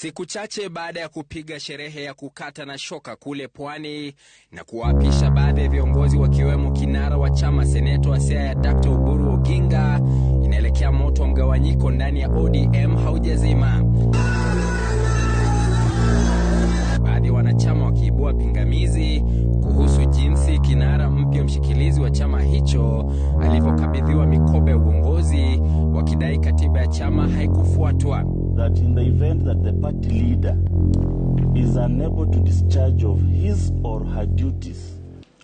Siku chache baada ya kupiga sherehe ya kukata na shoka kule pwani na kuwaapisha baadhi ya viongozi wakiwemo kinara wa chama Seneto Siaya Dkt. Oburu Oginga, inaelekea moto wa mgawanyiko ndani ya ODM haujazima, baadhi ya wanachama wakiibua pingamizi kuhusu jinsi kinara mpya mshikilizi wa chama hicho alivyokabidhiwa mikoba ya uongozi, wakidai katiba ya chama haikufuatwa that in the event that the party leader is unable to discharge of his or her duties,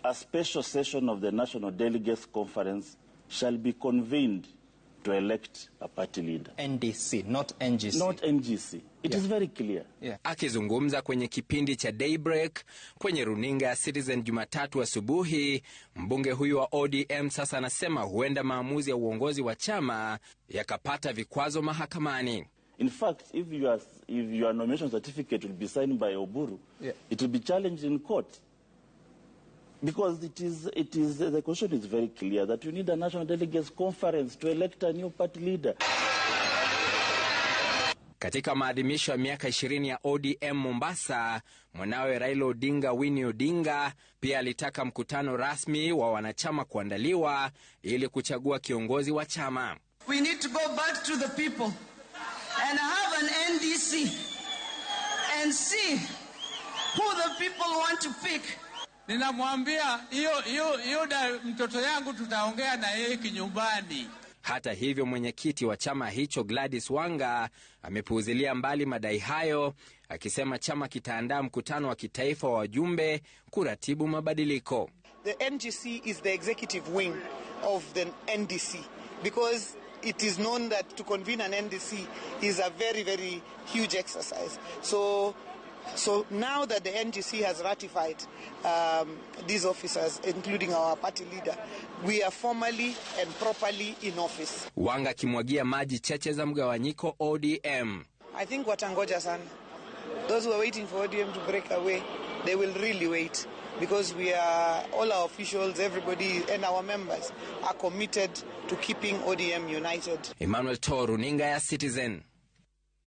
a special session of the National Delegates Conference shall be convened to elect a party leader. NDC, not NGC. Not NGC. It yeah. is very clear. Yeah. Akizungumza kwenye kipindi cha Daybreak kwenye runinga ya Citizen Jumatatu asubuhi, mbunge huyu wa ODM sasa anasema huenda maamuzi ya uongozi wa chama yakapata vikwazo mahakamani. In fact, if you are, if your nomination certificate will be signed by Oburu, yeah. it will be challenged in court. Because it is, it is, the question is very clear that you need a national delegates conference to elect a new party leader. Katika maadhimisho ya miaka 20 ya ODM Mombasa, mwanawe Raila Odinga Winnie Odinga pia alitaka mkutano rasmi wa wanachama kuandaliwa ili kuchagua kiongozi wa chama. We need to go back to the people and have an NDC and see who the people want to pick. Ninamwambia hiyo hiyo hiyo mtoto yangu tutaongea na yeye kinyumbani. Hata hivyo mwenyekiti wa chama hicho Gladys Wanga amepuuzilia mbali madai hayo, akisema chama kitaandaa mkutano wa kitaifa wa wajumbe kuratibu mabadiliko. The NGC is the executive wing of the NDC because it is known that to convene an NDC is a very, very huge exercise. So, so now that the NDC has ratified um, these officers, including our party leader, we are formally and properly in office. Wanga akimwagia maji cheche za mgawanyiko ODM. I think watangoja sana. Those who are waiting for ODM to break away, they will really wait because we are all our officials everybody and our members are committed to keeping ODM united. Emmanuel Toruninga ya Citizen.